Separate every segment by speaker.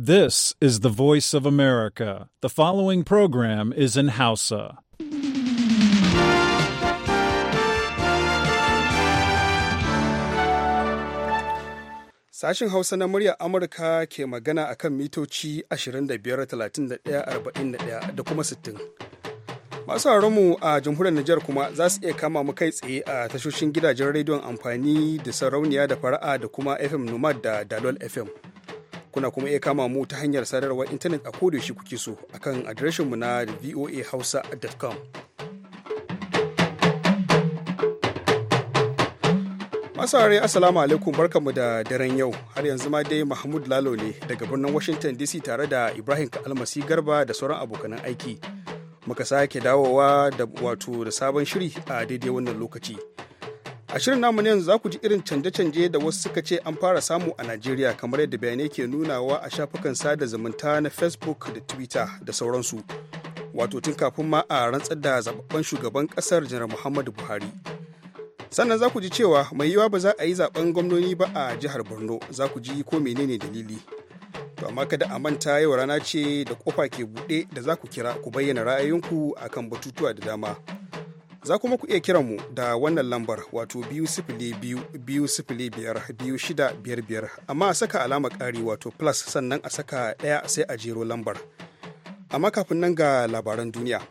Speaker 1: This is the voice of America. The following program is in Hausa.
Speaker 2: sashin Hausa na murya Amurka ke magana a kan mitoci 41 da kuma 60. Masu mu a jamhuriyar Nijar kuma za su iya kama mu kai tsaye a tashoshin gidajen rediyon amfani da sarauniya da fara'a da kuma FM Nomad da Dalol FM. kuna kuma iya kama mu ta hanyar sadarwar intanet a kodayaushe kuke so akan adireshinmu na voahausa.com Masarai Assalamu alaikum barkanmu da daren yau har yanzu ma dai Mahmud Lalo ne daga birnin Washington DC tare da Ibrahim kalmasi Garba da sauran abokanan aiki. Muka sake dawowa da wato da sabon shiri a daidai wannan lokaci. A shirin namu yanzu za ku ji irin canje-canje da wasu suka ce an fara samu a Najeriya kamar yadda bayanai ke nunawa a shafukan sada zumunta na Facebook da Twitter da sauransu. Wato tun kafin ma a rantsar da zababben shugaban kasar Janar Muhammadu Buhari. Sannan za ku ji cewa mai yiwa ba za a yi zaben gwamnoni ba a jihar Borno za ku ji ko menene dalili. To amma kada a manta yau rana ce da kofa ke buɗe da za ku kira ku bayyana ra'ayinku akan batutuwa da dama. Za kuma ku iya kiran mu da wannan lambar wato biyu sifili biyu biyu sifili biyar biyu shida biyar biyar amma a saka alama ƙari wato plus sannan a saka ɗaya sai a jero lambar. Amma kafin nan ga labaran duniya.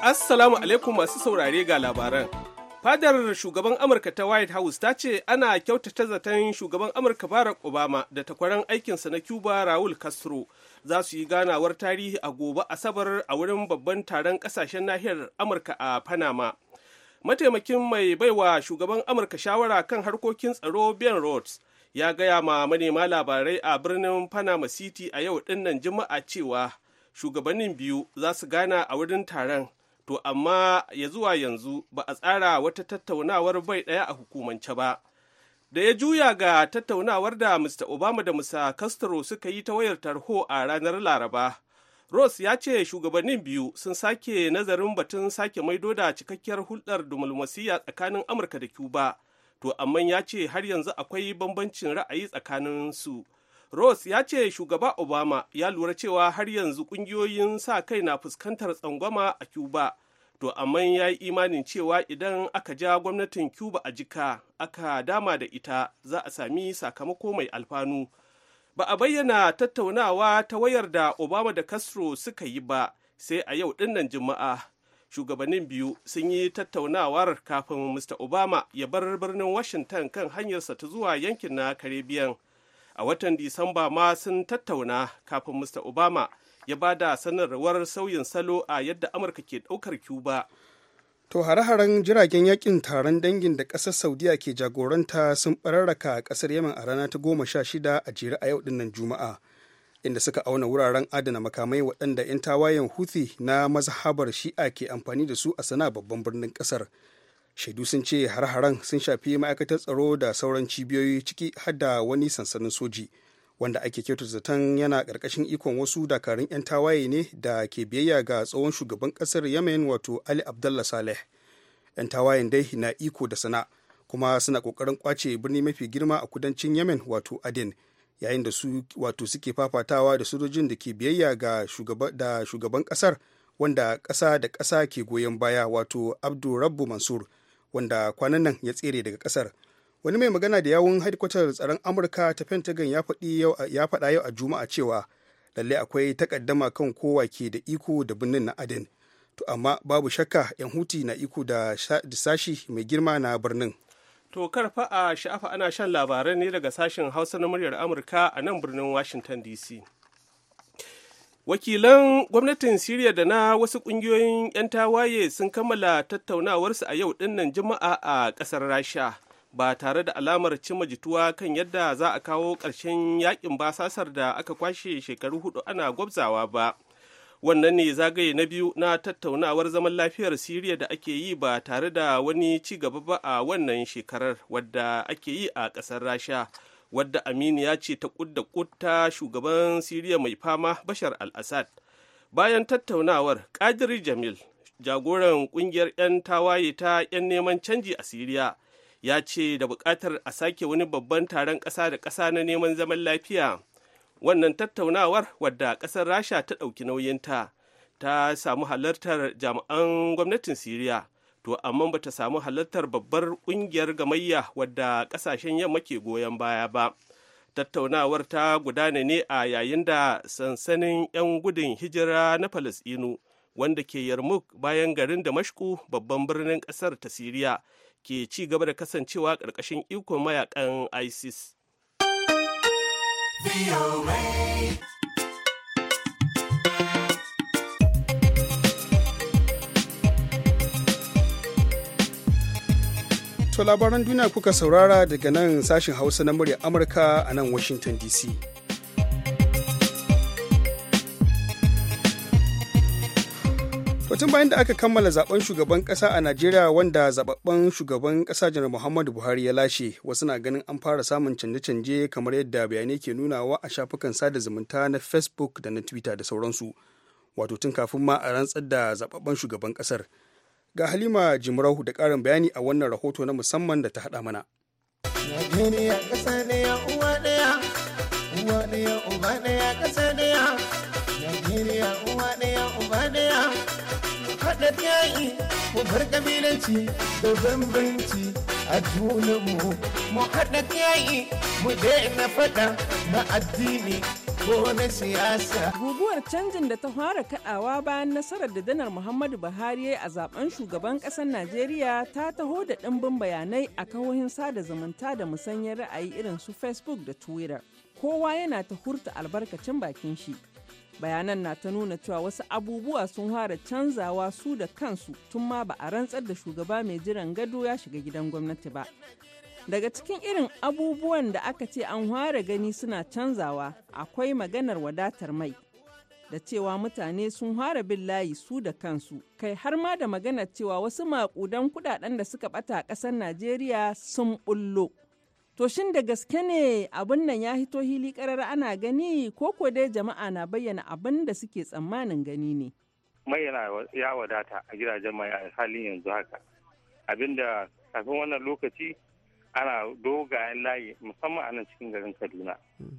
Speaker 1: Assalamu alaikum masu saurare ga labaran. fadar shugaban amurka ta white house ta ce ana kyautata zaton shugaban amurka barack obama da takwaran aikinsa na cuba raul castro za su yi ganawar tarihi a gobe asabar a wurin babban taron kasashen nahiyar amurka a panama mataimakin mai baiwa shugaban amurka shawara kan harkokin tsaro ben rhodes ya gaya ma manema labarai a birnin panama city a yau dinnan juma'a cewa shugabannin biyu za su gana a wurin taron to amma ya zuwa yanzu ba a tsara wata tattaunawar bai ɗaya a hukumance ba da ya juya ga tattaunawar da mr obama da mr castro suka yi ta wayar tarho a ranar laraba ross ya ce shugabannin biyu sun sake nazarin batun sake maido da cikakkiyar hulɗar dumulmasiya tsakanin amurka da cuba to amma ya ce har yanzu akwai bambancin ra'ayi tsakanin su Ross ya ce shugaba Obama ya lura cewa har yanzu kungiyoyin sa kai na fuskantar tsangwama a Cuba. To amma ya yi imanin cewa idan aka ja gwamnatin Cuba a jika aka dama da ita za a sami sakamako mai alfanu. Ba a bayyana tattaunawa ta wayar da Obama da Castro suka yi ba sai a yau dinnan Juma'a. Shugabannin biyu sun yi tattaunawar kafin Mr. Obama ya bar birnin Washington kan hanyarsa ta zuwa yankin na Caribbean. a watan disamba ma sun tattauna kafin mr obama ya ba da sanarwar sauyin salo a yadda amurka ke daukar cuba
Speaker 2: to hare-haren jiragen yakin taron dangin da kasar saudiya ke jagoranta sun bararraka a kasar yemen a rana ta goma sha shida a jere a yau dinnan juma'a inda suka auna wuraren adana makamai waɗanda 'yan tawayen huthi na mazhabar shi'a ke amfani da su a sana babban birnin kasar. shaidu sun ce har-haren sun shafi ma'aikatar tsaro da sauran cibiyoyi ciki har da wani sansanin soji wanda ake kyautar zaton yana ƙarƙashin ikon wasu dakarun 'yan tawaye ne da ke biyayya ga tsohon shugaban ƙasar yemen wato ali abdullah saleh 'yan tawayen dai na iko da sana kuma suna ƙoƙarin kwace birni mafi girma a kudancin yemen wato aden yayin da su wato suke fafatawa da sojojin da ke biyayya ga shugaban ƙasar wanda ƙasa da ƙasa ke goyon baya wato abdu rabbu mansur wanda kwanan nan ya tsere daga kasar wani mai magana da yawun hadikwatar tsaron amurka ta pentagon ya faɗa yau a juma'a cewa lalle akwai takaddama kan kowa ke da iko da birnin na aden to amma babu shakka yan huti na iko da sashi mai girma na birnin
Speaker 1: to karfa a sha'afa ana shan labarai ne daga sashen hausa na muryar amurka a nan birnin washington dc wakilan gwamnatin siriya da na wasu ƙungiyoyin 'yan tawaye sun kammala tattaunawarsu a yau dinnan juma'a a ƙasar rasha ba tare da alamar cima jituwa kan yadda za a kawo ƙarshen yakin basasar da aka kwashe shekaru hudu ana gwabzawa ba wannan ne zagaye na biyu na tattaunawar zaman lafiyar siriya da ake yi ba tare da wani ci gaba ba a wannan shekarar wadda ake yi a ƙasar rasha wadda Aminu ya ce ta kudda kutta shugaban siriya mai fama bashar al-assad bayan tattaunawar kadiri jamil jagoran kungiyar 'yan tawaye ta 'yan neman canji a siriya ya ce da buƙatar a sake wani babban taron ƙasa da ƙasa na neman zaman lafiya wannan tattaunawar wadda ƙasar rasha ta ɗauki nauyinta ta samu halartar jami'an gwamnatin siriya to amma bata samu halartar babbar kungiyar gamayya wadda kasashen yamma ke goyon baya ba tattaunawar ta gudana ne a yayin da sansanin 'yan gudun hijira na falasɗinu wanda ke yarmuk bayan garin da mashku babban birnin ƙasar ta siriya ke ci gaba da kasancewa ƙarƙashin ikon mayakan isis
Speaker 2: to labaran duniya kuka saurara daga nan sashen hausa na murya amurka a nan washington dc tun bayan da aka kammala zaben shugaban kasa a Najeriya wanda zababben shugaban kasa janar Muhammadu Buhari ya lashe, wasu na ganin an fara samun canje-canje kamar yadda bayanai ke nunawa a shafukan sada zumunta na Facebook da na Twitter da sauransu. Wato tun kafin ma a rantsar da zababben shugaban kasar. Ga Halima Jimrahu da ƙarin bayani a wannan rahoto na musamman da ta haɗa mana.
Speaker 3: Najeriya ƙasa ɗaya uwa ɗaya, uwa ɗaya uba ɗaya
Speaker 1: ƙasa ɗaya. Najeriya uwa ɗaya uba ɗaya. Haɗa yayi mu bar ƙabilanci da bambanci a junanmu. Mu haɗa yayi mu daina faɗa na addini
Speaker 4: Guguwar canjin da ta fara kaɗawa bayan nasarar da danar Muhammadu Buhari a zaben shugaban kasar Najeriya ta taho da ɗimbin bayanai a kawohin sada zumunta da musanyar ra'ayi irin su Facebook da Twitter. Kowa yana ta hurta albarkacin bakin shi. bayanan na ta nuna cewa wasu abubuwa sun fara canzawa su da kansu tun ma ba a rantsar da shugaba mai jiran gado ya shiga gidan gwamnati ba Daga cikin irin abubuwan da aka ce an ware gani suna canzawa akwai maganar wadatar mai. Da cewa mutane sun hara bin layi su da kansu, kai har ma da maganar cewa wasu maƙudan kudaden da suka bata a ƙasar Najeriya sun bullo. To shin da gaske ne abin nan ya hito hili karar ana gani ko ko dai jama'a na bayyana abin da suke tsammanin gani ne?
Speaker 5: Mai ya wadata a gidajen mai a halin yanzu haka. Abinda kafin wannan lokaci ana dogayen layi musamman anan cikin garin kaduna hmm.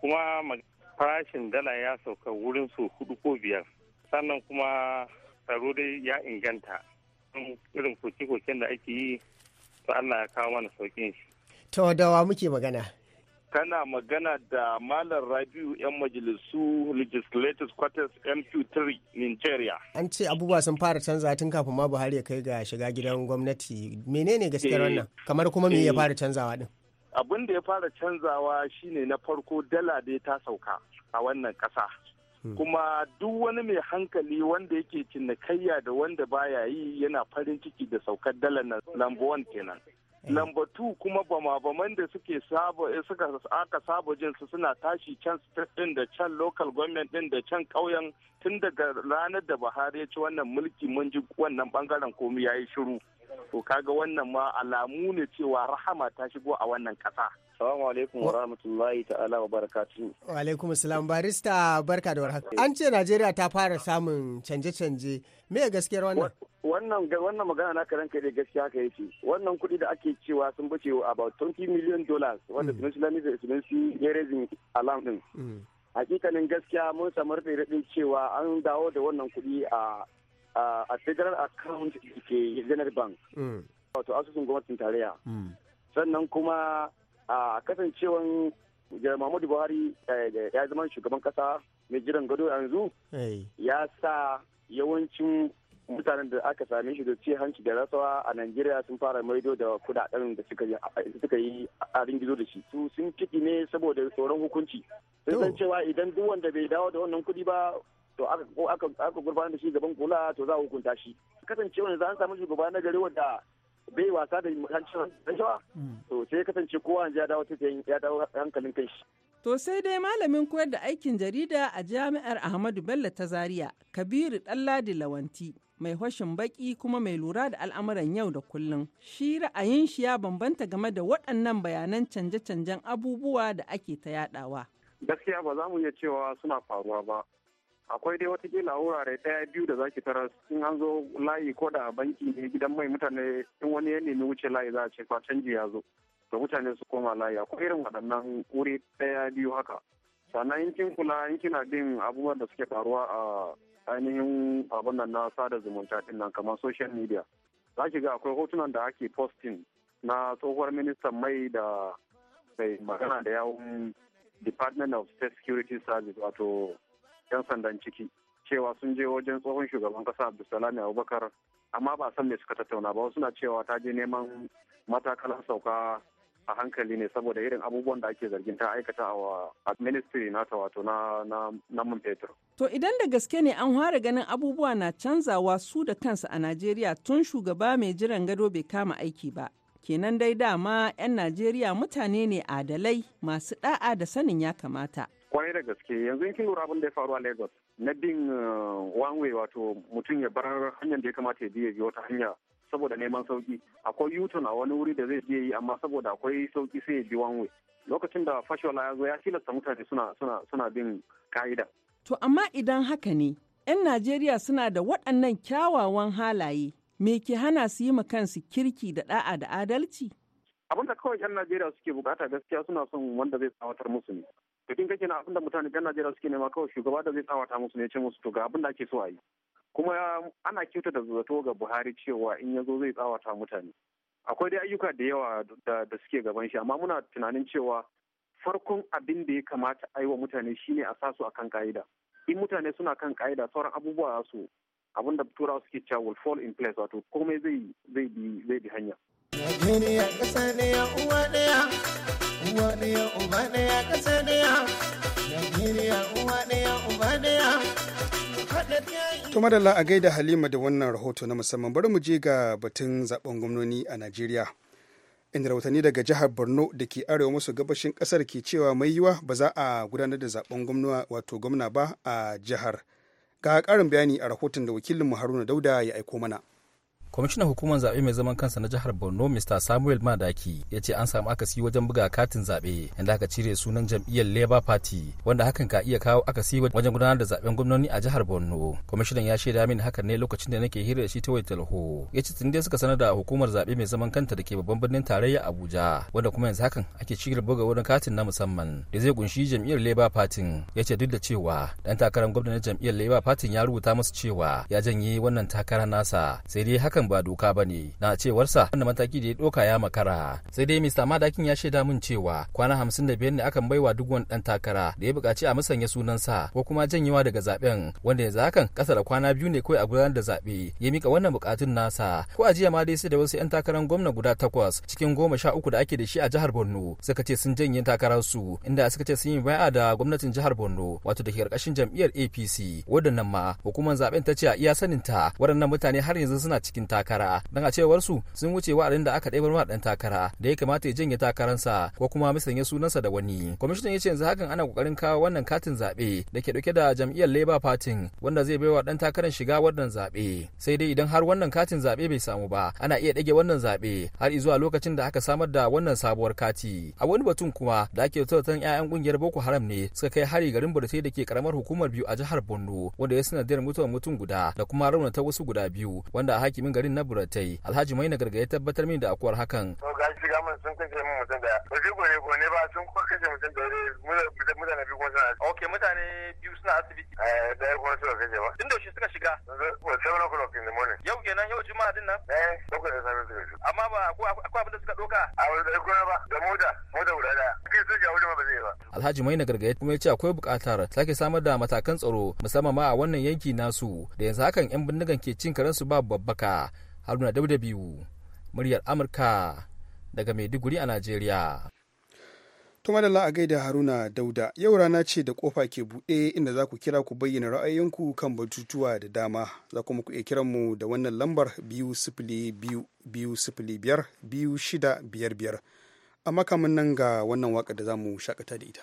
Speaker 5: kuma farashin dala ya sauka wurin su hudu ko biyar sannan kuma tsaro dai ya inganta irin koke-koken da ake yi to allah ya kawo mana saukin shi
Speaker 2: to muke magana
Speaker 5: kana magana da Malam Rabiu 'yan
Speaker 3: majalisu legislators Quarters MQ3 Nigeria.
Speaker 2: An ce abubuwa sun fara canza tun kafin ma Buhari ya kai ga shiga gidan gwamnati. Menene gaskiyar eh, wannan? Kamar kuma me ya eh. fara canzawa din?
Speaker 3: Abin da ya fara canzawa shine na farko dala dai ta sauka a wannan kasa. Hmm. Kuma duk wani mai hankali wanda yake cinikayya da wanda baya yi yana farin ciki da saukar dala nan lambuwan kenan. Lamba eh. tu kuma bama-baman da suke saba eh, suka aka saba jin su suna tashi can state din da can local government din da can ƙauyen tun daga ranar da Buhari ya ci wannan mulki mun ji wannan bangaren komai yayi shiru. to kaga wannan ma alamu ne cewa rahama ta shigo a wannan kasa. Salamu alaikum wa rahmatullahi ta'ala wa barakatu.
Speaker 2: Wa alaikum salam barista barka da warhaka. An ce Najeriya ta fara samun canje-canje. Me gaskiyar wannan?
Speaker 3: Wannan wannan magana na karan kai gaskiya yi ce. Wannan kuɗi da ake cewa sun bace about 20 million dollars wanda shi lamisa da ya raising alam din. Mm. Hakikanin gaskiya mun samu rufe cewa an dawo da wannan kuɗi a a federal account ke general bank mm. wato asusun gwamnatin tarayya mm. sannan kuma a kasancewan muhammadu buhari eh, ya zama shugaban kasa mai jiran gado yanzu ya sa yawancin mutanen da aka same shi da ce hanci da rasawa a Najeriya sun fara maido da kudaden da suka yi a ringizo da shi su sun kiɗi ne saboda tsoron hukunci sun san cewa idan duk wanda bai dawo da wannan kuɗi ba to aka ko aka aka gurbanar da shi gaban kula to za a hukunta shi kasancewa yanzu an samu shugaba na gari wanda bai wasa da rashawa mm. to sai kasance kowa ya dawo ya dawo hankalin kai shi
Speaker 4: To sai dai malamin koyar da aikin jarida a jami'ar Ahmadu Bello ta Zaria, Kabiru Ɗanladi Lawanti, mai hoshin baki kuma mai lura da al'amuran yau da kullum. Shi ra'ayin shi ya bambanta game da waɗannan bayanan canje-canjen abubuwa da ake ta yaɗawa.
Speaker 5: Gaskiya ba za mu iya cewa suna faruwa ba, akwai dai wata watakila wurare daya biyu da zaki tara in an zo layi ko da banki ne gidan mai mutane in wani ya nemi wuce layi za a ce canji ya zo da mutane su koma layi akwai irin waɗannan wuri daya biyu haka sannan in kin kula in kina bin abubuwan da suke faruwa a ainihin abun nan na sada zumunta din nan kamar social media za ki ga akwai hotunan da ake posting na tsohuwar ministan mai da mai magana da yawun department of state security service wato 'yan sandan ciki cewa sun je wajen tsohon shugaban kasa abdulsalami abubakar amma ba san me suka tattauna ba wasu na cewa ta je neman matakalan sauka a hankali ne saboda irin abubuwan da ake zargin ta aikata a ministry nata wato na na fetur.
Speaker 4: To idan da gaske ne an fara ganin abubuwa na canzawa su da kansu a Najeriya tun shugaba mai jiran gado bai kama aiki ba kenan dai dama 'yan najeriya mutane ne adalai masu da'a da sanin ya kamata
Speaker 5: kwarai da gaske yanzu in kin lura abin da ya faru a lagos na bin uh, one wato mutum ya bar hanyar da ya kamata ya biya wata hanya saboda neman sauki akwai yuton a wani wuri da zai je yi amma saboda akwai sauki sai ya bi one lokacin da fashola ya zo ya tilasta mutane suna suna suna bin
Speaker 4: ka'ida to amma idan haka ne 'yan najeriya suna da waɗannan kyawawan halaye Me ke hana su yi kansu kirki da da'a da adalci?
Speaker 5: Abin da kawai 'yan Najeriya suke bukata gaskiya suna son wanda zai tsawatar musu ne. To kin kake na abin da mutane 'yan Najeriya suke nema kawai shugaba da zai tsawata musu ne ce musu to ga abin da ake so a yi. Kuma ana kyauta da zato ga Buhari cewa in yazo zai tsawata mutane. akwai dai ayyuka da yawa da suke gaban shi amma muna tunanin cewa farkon abin da ya kamata a yi wa mutane shine a sa su akan ka'ida in mutane suna kan ka'ida sauran abubuwa su abin da turawa suke cewa will fall in place wato komai zai zai bi hanya
Speaker 3: Najeriya ƙasa uwa uwa uba Najeriya
Speaker 2: uwa
Speaker 1: uba ya.
Speaker 2: To madalla a gaida Halima da wannan rahoto na musamman bari mu je ga batun zaben gwamnoni a Najeriya. Inda rahotanni daga jihar Borno da ke arewa maso gabashin kasar ke cewa mai yiwa ba za a gudanar da zaben gwamna wato gwamna ba a jihar. Ga ƙarin bayani a rahoton da wakilinmu Haruna Dauda ya aiko
Speaker 6: mana. kwamishinan hukumar zaɓe mai zaman kansa na jihar borno mr samuel madaki ya ce an samu akasi wajen buga katin zaɓe inda aka cire sunan jam'iyyar labour party wanda hakan ka iya kawo akasi wajen gudanar da zaɓen gwamnoni a jihar borno kwamishinan ya shaida min hakan ne lokacin da nake hira da shi ta wai talho ya ce tun dai suka sanar da hukumar zaɓe mai zaman kanta da ke babban birnin tarayya abuja wanda kuma yanzu hakan ake cigaba buga wurin katin na musamman da zai kunshi jam'iyyar labour party ya ce duk da cewa dan takarar gwamnatin jam'iyyar labour party ya rubuta musu cewa ya janye wannan takara nasa sai dai haka hakan ba doka ba ne na cewarsa wannan mataki da ya doka ya makara sai dai mista madakin ya shaida min cewa kwana hamsin da biyar ne akan baiwa duk wani dan takara da ya bukaci a musanya sunansa ko kuma janyewa daga zaben wanda yanzu hakan kasa da kwana biyu ne kawai a gudanar da zaɓe ya mika wannan bukatun nasa ko a jiya ma dai sai da wasu 'yan takarar gwamna guda takwas cikin goma sha uku da ake da shi a jihar borno suka ce sun janye takararsu inda suka ce sun yi bai'a da gwamnatin jihar borno wato da ke ƙarƙashin jam'iyyar apc waɗannan ma hukumar zaben ta ce a iya saninta waɗannan mutane har yanzu suna cikin ɗan takara dan a cewar su sun wuce wa'adin da aka ɗebar ma ɗan takara da ya kamata ya janye takaransa ko kuma ya sunansa da wani kwamishinan ya ce yanzu hakan ana kokarin kawo wannan katin zaɓe da ke ɗauke da jam'iyyar labour party wanda zai baiwa ɗan takarar shiga wannan zaɓe sai dai idan har wannan katin zaɓe bai samu ba ana iya ɗage wannan zaɓe har zuwa lokacin da aka samar da wannan sabuwar kati a wani batun kuma da ake tattautan 'ya'yan ƙungiyar boko haram ne suka kai hari garin burtai da ke karamar hukumar biyu a jihar borno wanda ya sanadiyar mutuwar mutum guda da kuma raunata wasu guda biyu wanda hakimin garin na buratai alhaji maina garga ya tabbatar min da akuwar hakan to ga shi ga mun
Speaker 3: sun kace mun mutum da ba shi abin da suka doka a wani ba da mota mota ba
Speaker 6: alhaji maina garga kuma ya ce akwai bukatar sake samar da matakan tsaro musamman ma a wannan yanki nasu da yanzu hakan yan bindigan ke cin karen su babu babbaka haruna dauda biyu muryar amurka daga maiduguri a nigeria.
Speaker 2: tuma da la'agai da haruna dauda yau rana ce da kofa ke buɗe inda za ku kira ku bayyana ra'ayinku kan batutuwa da dama za kuma ku iya kiran mu da wannan lambar biyu sifili biyu sifili biyar biyu shida biyar biyar amma kamun nan ga wannan waka da za mu shakata da ita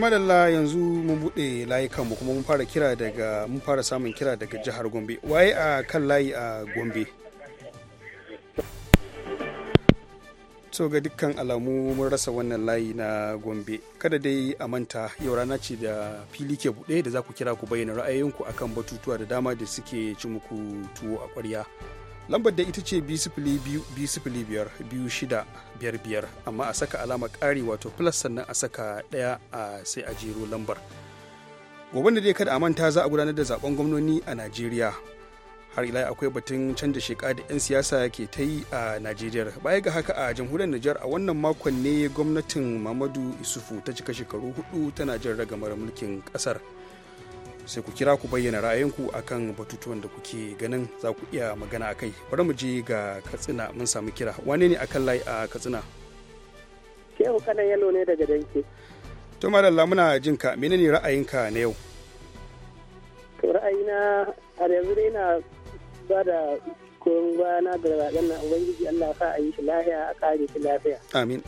Speaker 2: kuma la yanzu mun buɗe layukanmu kuma mun fara kira daga mun fara samun kira daga jihar gombe waye a kan layi a gombe to ga dukkan alamu mun rasa wannan layi na gombe kada dai a manta yau rana ce da fili ke buɗe da za ku kira ku bayyana ra'ayoyinku akan batutuwa da dama da suke ci muku tuwo a ƙwarya lambar da ita ce biyar amma a saka alama ƙari wato plus sannan a saka ɗaya a sai a jero lambar gobe da dai kada a manta za a gudanar da zaben gwamnoni a najeriya har ila akwai batun canja sheka da 'yan siyasa ke ta yi a najeriya baya ga haka a jamhuriyar nijar a wannan makon ne gwamnatin mamadu isufu ta cika shekaru hudu tana jin ragamar mulkin kasar sai ku kira ku bayyana ra'ayinku akan batutuwan da kuke ganin za ku iya magana a kai bari mu je ga katsina mun samu kira wane ne akan layi a katsina
Speaker 3: ku kanan yalo ne daga danke
Speaker 2: to madalla muna jin ka menene ra'ayinka na yau
Speaker 3: to ra'ayina a yanzu dai na ba da koyon na ga zaɓen na ubangiji allah sa a yi shi lafiya a kare shi lafiya amin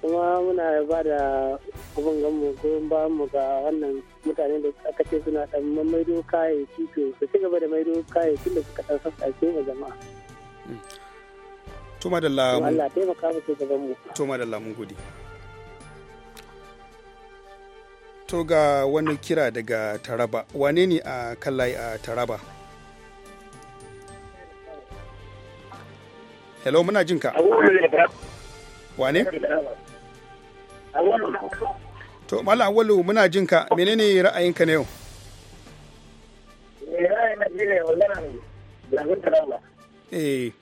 Speaker 3: kuma muna ba da abin gamu ko ba mu ga wannan mutane da aka ce suna dan maido kayayyaki to su ci gaba da maido kayayyakin da suka sassa ce wa jama'a
Speaker 2: to madalla lamun Allah
Speaker 3: taimaka mu gaban mu to
Speaker 2: madalla mun gode to ga wani kira daga taraba wane ne a kallai a taraba hello muna jinka wane to mala awalu muna jin ka menene ra'ayinka na yau eh, eh.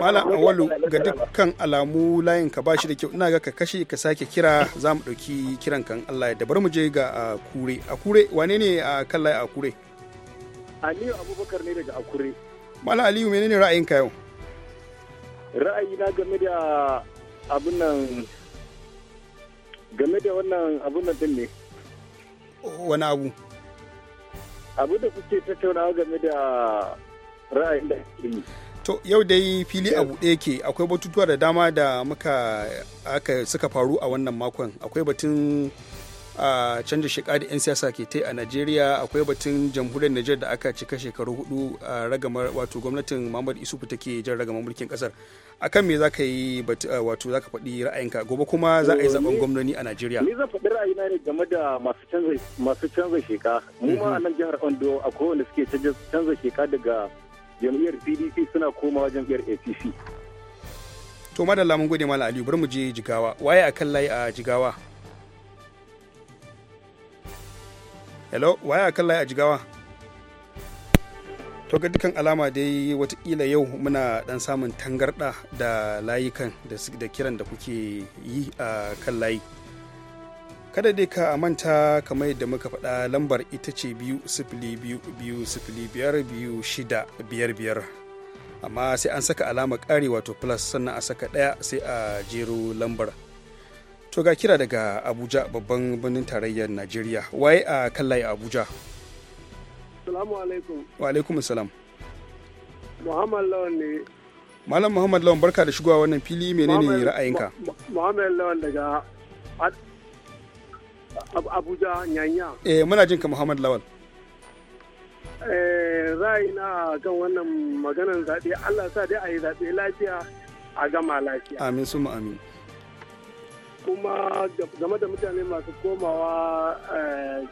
Speaker 3: Mala Awalu ga
Speaker 2: dukkan alamu layin ka bashi da kyau ina ga ka kashe ka sake kira za mu ɗauki kiran kan Allah da bar mu je ga Akure. Ah, Akure wane ne a ah, kan layi Akure?
Speaker 5: Aliyu Abubakar ne daga Akure.
Speaker 2: Mala Aliyu menene ra'ayinka yau?
Speaker 5: na game da abin nan game da wannan abin nan din ne wani abu abu da kuke tattaunawa game da ra'ayin da yi
Speaker 2: to yau dai fili abu ɗaya ke akwai batutuwa da dama da muka aka suka faru a wannan makon akwai batun a canza shiga da 'yan siyasa ke ta a najeriya akwai batun jamhuriyar niger da aka cika shekaru hudu a ragamar wato gwamnatin muhammad isufu take jan ragamar mulkin kasar akan me za ka yi wato ka faɗi ra'ayinka gobe kuma za a yi zaben eh, gwamnoni a najeriya ni
Speaker 5: zan faɗi ra'ayina ne game da masu canza masu canza sheka mu ma a mhm. nan jihar ondo akwai wanda suke canza sheka daga jam'iyyar pdp suna komawa jam'iyyar apc
Speaker 2: to madalla mun gode mala aliyu bari mu je jigawa waye akan layi a jigawa hello waya kan layi a jigawa to ga dukkan alama dai watakila yau muna dan samun tangarda da layukan da kiran da kuke yi a kan layi kada dai ka manta kamar da muka faɗa lambar ita ce biyu sifili biyu biyu sifili biyar biyu shida biyar biyar amma sai an saka alama ƙari wato plus sannan a saka ɗaya sai a jero lambar to ga kira daga abuja babban birnin tarayyar najeriya waye a kallaye abuja
Speaker 1: salamu alaikum
Speaker 2: wa alaikum salam
Speaker 1: muhammad lawan ne
Speaker 2: malam muhammad lawan barka da shigowa wannan fili menene ra'ayinka
Speaker 1: muhammad lawan daga abuja nyanya
Speaker 2: eh muna jinka muhammad lawan
Speaker 1: eh, ra'ayina kan wannan maganar zaɓe allah sa dai a yi zaɓe lafiya a gama lafiya
Speaker 2: amin su amin
Speaker 1: kuma game da mutane masu komawa eh,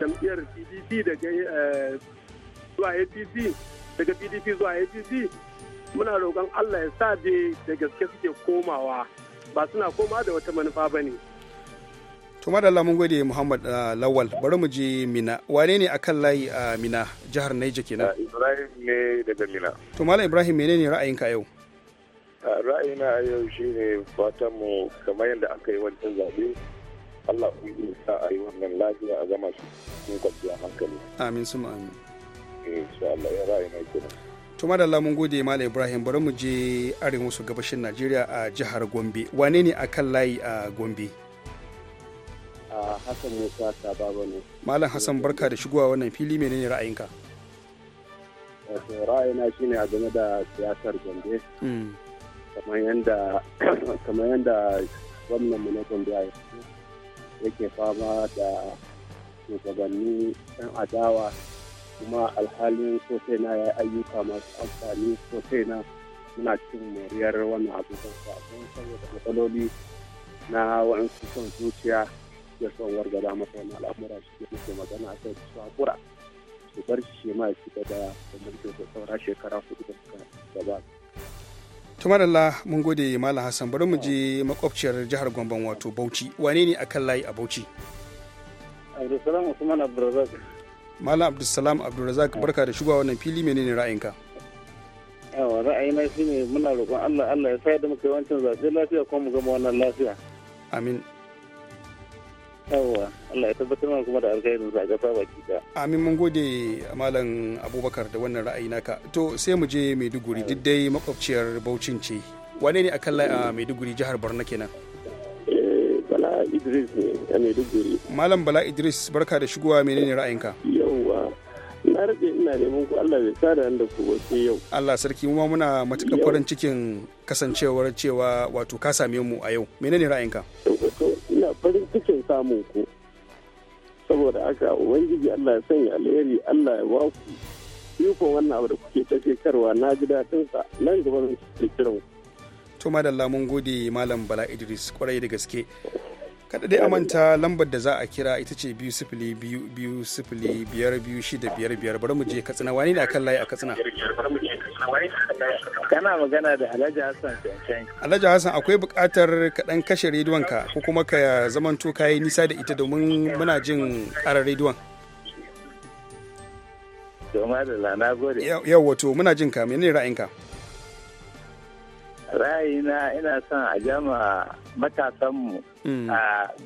Speaker 3: jam'iyyar pdp daga eh, zuwa apc daga pdp zuwa apc
Speaker 5: muna roƙon allah ya sa da gaske suke komawa ba suna koma da wata manufa ba ne
Speaker 2: kuma da mun gode muhammad eh, lawal bari mu je mina wane ne akan layi a mina jihar naija kenan
Speaker 5: ibrahim ne daga mina
Speaker 2: to malam ibrahim menene ra'ayinka yau
Speaker 5: ra'ayina yau shi ne mu kamar yadda aka yi wancan zaɓe Allah ku yi sa a yi wannan lafiya a zama su
Speaker 3: sun kwanciya hankali.
Speaker 2: Amin su amin.
Speaker 3: Insha Allah ya ra'ayina nan.
Speaker 2: To madalla mun gode Malam Ibrahim bari mu je arewa wasu gabashin Najeriya a jihar Gombe. Wane ne akan layi a Gombe?
Speaker 5: Hassan Musa Sababa ne.
Speaker 2: Malam Hassan barka da shigowa wannan fili menene ra'ayinka?
Speaker 3: Ra'ayina shine a game da siyasar Gombe. Mm. kamar yadda kamar yadda gwamnan mu na ya yake fama da shugabanni 'yan adawa kuma alhalin sosai na ya ayyuka masu amfani sosai na muna cikin moriyar wannan abubuwan sabon saboda matsaloli na wa'ansu son zuciya da son wargaza masa wani al'amura su ke muke magana a kai su hakura su bar shi ma ya ci gaba da mulkin saura shekara hudu da suka
Speaker 5: gabata.
Speaker 2: Allah mun gode malam hassan bari mu je makwabciyar jihar gombon wato bauchi wane ne akan layi a bauchi
Speaker 5: abdulsalam usman abdulrazak
Speaker 2: malam abdulsalam abdulrazak barka da shigowa wannan fili menene ra'ayinka
Speaker 3: yawa ra'ayina shine muna roƙon allah allah ya sa da muka yi wancan lafiya ko mu gama wannan lafiya
Speaker 2: amin
Speaker 5: Allah ya tabbatar mana kuma da alkhairin sa gaba baki da
Speaker 2: amin mun gode malam abubakar da wannan ra'ayi naka to sai mu je maiduguri duk dai makwabciyar baucin ce wane ne akan layi a maiduguri jihar borno kenan
Speaker 3: eh, bala idris ne a maiduguri
Speaker 2: malam bala idris barka da shigowa menene ra'ayinka yawwa
Speaker 3: na rage ina neman ku Allah bai sa da ku wace yau
Speaker 2: Allah sarki mu ma muna matuƙar farin cikin kasancewar cewa wato ka same mu a yau menene ra'ayinka
Speaker 3: farin cikin samun ku saboda aka ubangiji Allah ya sanya alheri Allah ya ba ku iko wannan abu da kuke ta shekarwa na ji daɗin sa nan gaba zan ci kiran
Speaker 2: to madalla mun gode malam bala idris kwarai da gaske kada dai amanta lambar da za a kira ita ce biyu sifili biyu biyu sifili biyar biyu shida biyar biyar bari mu je katsina wani ne akan layi a katsina
Speaker 3: Kana magana da Alhaji Hassan Cancan.
Speaker 2: Alhaji Hassan akwai buƙatar kaɗan kashe rediyonka ko kuma ka zaman to yi nisa da ita domin muna jin ƙarar rediyon.
Speaker 3: Yau
Speaker 2: wato muna jin ka menene ra'ayinka?
Speaker 3: Ra'ayina ina son a jama matasanmu hmm.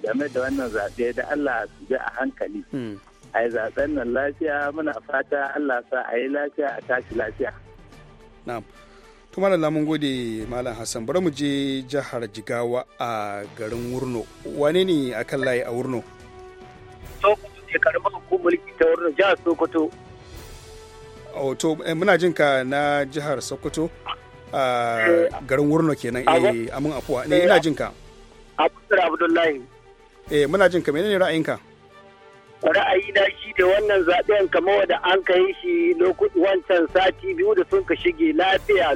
Speaker 3: game da wannan zaɓe da Allah su bi a hankali. Hmm. A yi zaɓen nan lafiya muna fata Allah sa a yi lafiya a tashi lafiya.
Speaker 2: na'am to malam mun gode malam hassan bari mu je jihar jigawa a garin wurno wane ne akan layi a wurno
Speaker 3: sokoto ne karamar mulki ta wurno jihar sokoto
Speaker 2: oh to eh, muna jin ka na jihar sokoto a garin wurno kenan eh amin afuwa ne eh, ina jin ka
Speaker 3: abdullahi
Speaker 2: eh muna jin ka menene ra'ayinka
Speaker 3: ra'ayi na shi da wannan zaɓen kamar wanda an kai shi wancan sati biyu da sun ka shige lafiya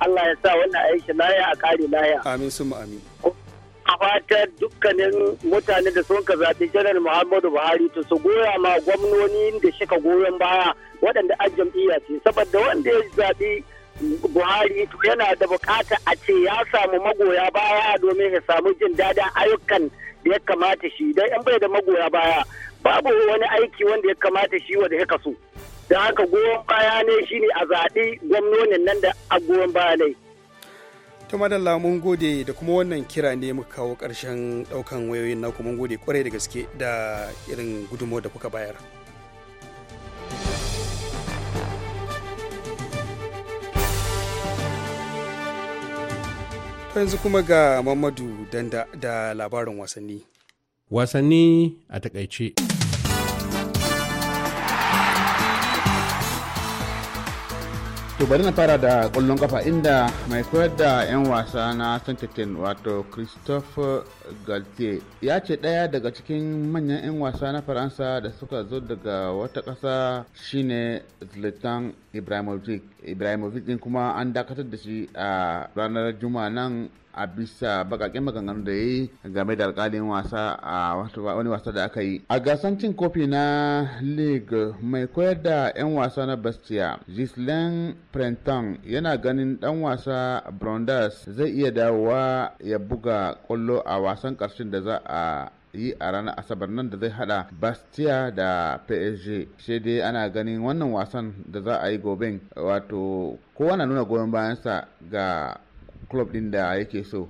Speaker 3: Allah ya sa wannan aisha laya a kare laya.
Speaker 2: Amin sun amin.
Speaker 3: a fatar dukkanin mutane da sun ka zaɓi janar muhammadu buhari to su goya ma gwamnoni da ka goyon baya waɗanda an jam'iyya ce saboda wanda ya zaɓi buhari to yana da buƙata a ce ya samu magoya baya domin ya samu jin daɗin ayyukan da ya kamata shi don yan bai da magoya baya babu wani aiki wanda ya kamata shi da ya so da haka goyon baya ne shine a zaɓi gwamnonin nan da a goyon baya ne
Speaker 2: ta madalla mun gode da kuma wannan kira ne muka kawo ƙarshen ɗaukan wayoyin naku mun gode kwarai da gaske da irin gudunmawar da kuka bayar yanzu kuma ga Mamadu Danda da labarin wasanni. Wasanni a takaice. to bari na fara
Speaker 7: da kullun kafa inda mai koyar da 'yan wasa na santatin wato christophe galtier ya ce ɗaya daga cikin manyan 'yan wasa na faransa da suka zo daga wata ƙasa shine zlatan ibrahimovic ibrahimovic din kuma an dakatar da shi a ranar juma nan a bisa bakakin maganganu da ya yi game da alkalin wasa a wani wasa da aka yi a gasan cin kofi na league mai koyar da 'yan wasa na bastia gislain prenton yana ganin dan wasa brondas zai iya dawowa ya buga kwallo a wasan karshen da za a yi a ranar asabar nan da zai hada bastia da psg sai dai ana ganin wannan wasan da za a yi goben wato kowa na nuna goyon bayansa ga club din da yake so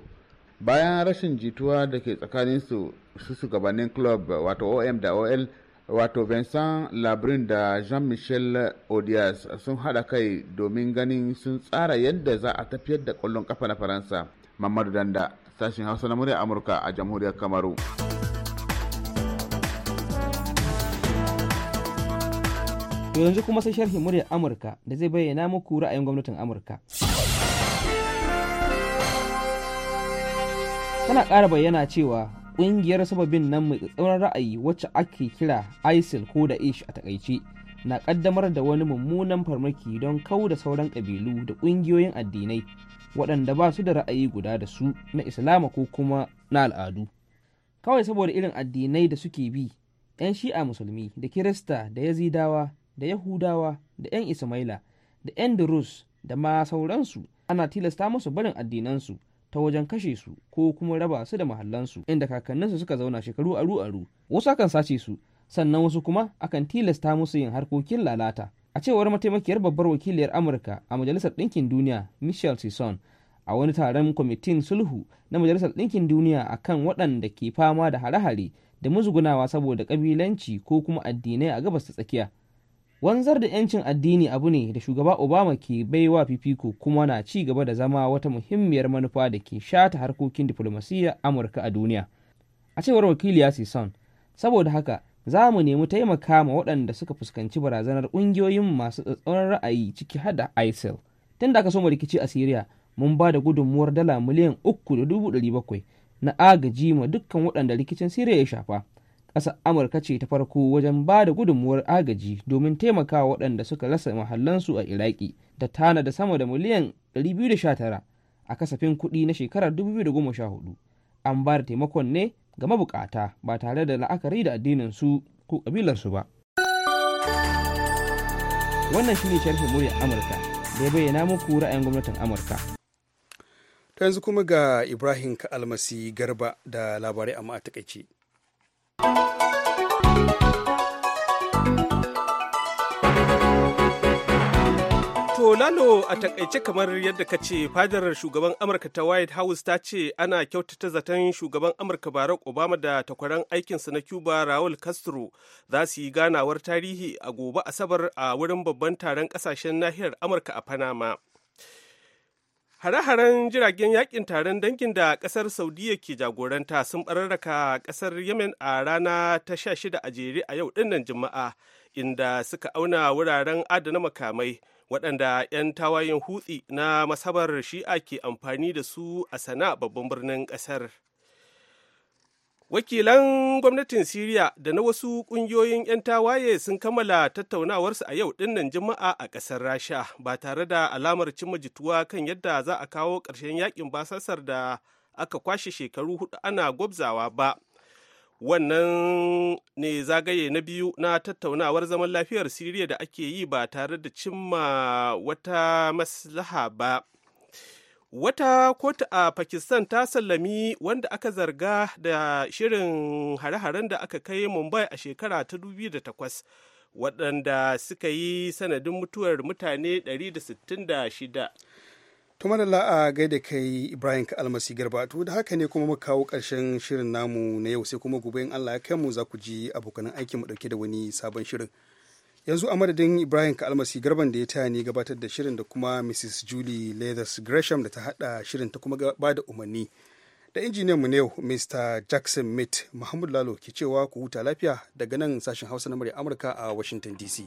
Speaker 7: bayan rashin jituwa da ke tsakanin su shugabannin club wato om da ol wato vincent labrin da jean-michel odias sun hada kai domin ganin sun tsara yadda za a tafiyar da kwallon kafa na faransa mamadu danda sashen hausa na murya amurka a jamhuriyar kamaru.
Speaker 8: To yanzu kuma sai sharhi muryar Amurka da zai bayyana muku ra'ayin gwamnatin Amurka. Tana ƙara bayyana cewa ƙungiyar sababin nan mai tsauran ra'ayi wacce ake kira ISIL ko da ish a takaice na ƙaddamar da wani mummunan farmaki don kau da sauran ƙabilu da ƙungiyoyin addinai waɗanda ba su da ra'ayi guda da su na islama ko kuma na al'adu kawai saboda irin addinai da suke bi 'yan shi'a musulmi da kirista da yazidawa da yahudawa da 'yan ismaila da 'yan durus da ma sauransu ana tilasta musu barin addinansu ta wajen kashe su ko kuma raba su da mahallansu inda kakanninsu suka zauna shekaru aru aru wasu akan sace su sannan wasu kuma akan tilasta musu yin harkokin lalata a cewar mataimakiyar babbar wakiliyar amurka a majalisar ɗinkin duniya michelle sison a wani taron kwamitin sulhu na majalisar ɗinkin duniya a kan waɗanda ke fama da hare-hare da mazugunawa saboda ƙabilanci ko kuma addinai a gabas ta tsakiya wanzar da 'yancin addini abu ne da shugaba obama ke baiwa fifiko kuma na ci gaba da zama wata muhimmiyar manufa da ke shata harkokin diflomasiyya amurka a duniya a cewar ya son saboda haka za mu nemi taimaka ma waɗanda suka fuskanci barazanar ƙungiyoyin masu tsatsauran ra'ayi ciki hada isil tun da aka soma rikici a syria mun ba da gudunmuwar dala miliyan uku da dubu ɗari bakwai na agaji ma dukkan waɗanda rikicin syria ya shafa ƙasar amurka ce ta farko wajen ba da gudunmuwar agaji domin taimakawa waɗanda suka rasa mahallansu a iraki da tana da sama da miliyan 219 a kasafin kuɗi na shekarar 2014 an ba da taimakon ne ga mabukata ba tare da la'akari da addinin su ko ƙabilarsu ba wannan shine sharhin muryar amurka da ya bayyana muku ra'ayin gwamnatin amurka
Speaker 2: ta yanzu kuma ga ibrahim almasi garba da labarai amma a takaice To
Speaker 1: Lalo a takaice kamar yadda ka ce fadar shugaban Amurka ta White House ta ce ana kyautata zaton shugaban Amurka Barack Obama da takwaran aikinsa na Cuba Raul Castro za su yi ganawar tarihi a gobe Asabar a wurin babban taron kasashen nahiyar Amurka a Panama. Hare-haren jiragen yakin taron dangin da kasar Saudiya ke jagoranta sun bararraka kasar Yemen a rana ta 16 a jere a yau dinnan Juma'a inda suka auna wuraren adana makamai waɗanda 'yan tawayen hutsi na masabar shi'a ke amfani da su a sana babban birnin ƙasar. wakilan gwamnatin siriya da na wasu kungiyoyin 'yan tawaye sun kammala tattaunawarsu a yau dinnan juma'a a ƙasar rasha ba tare da alamar cin jituwa kan yadda za a kawo ƙarshen yakin basasar da aka kwashe shekaru hudu ana gwabzawa ba wannan ne zagaye na biyu na tattaunawar zaman lafiyar siriya da ake yi ba tare da cimma wata maslaha ba Wata kotu a Pakistan ta sallami wanda aka zarga da shirin hare-haren da aka kai Mumbai a shekara ta 2008 waɗanda suka yi sanadin mutuwar mutane 166.
Speaker 2: tuma da la'a gaida kai ibrahim ka almasi garbatu da haka ne kuma muka kawo ƙarshen shirin namu na yau sai kuma gobe in allah ya kai mu za ku ji abokanan aikinmu mu dauke da wani sabon shirin yanzu a madadin ibrahim kalmasi garban da ya taya ni gabatar da shirin da kuma mrs julie leathers gresham da ta hada shirin ta kuma ba da umarni da injiniyan mu yau mr jackson mate muhammadu lalo ke cewa ku huta lafiya daga nan sashen hausa na murya amurka a washington dc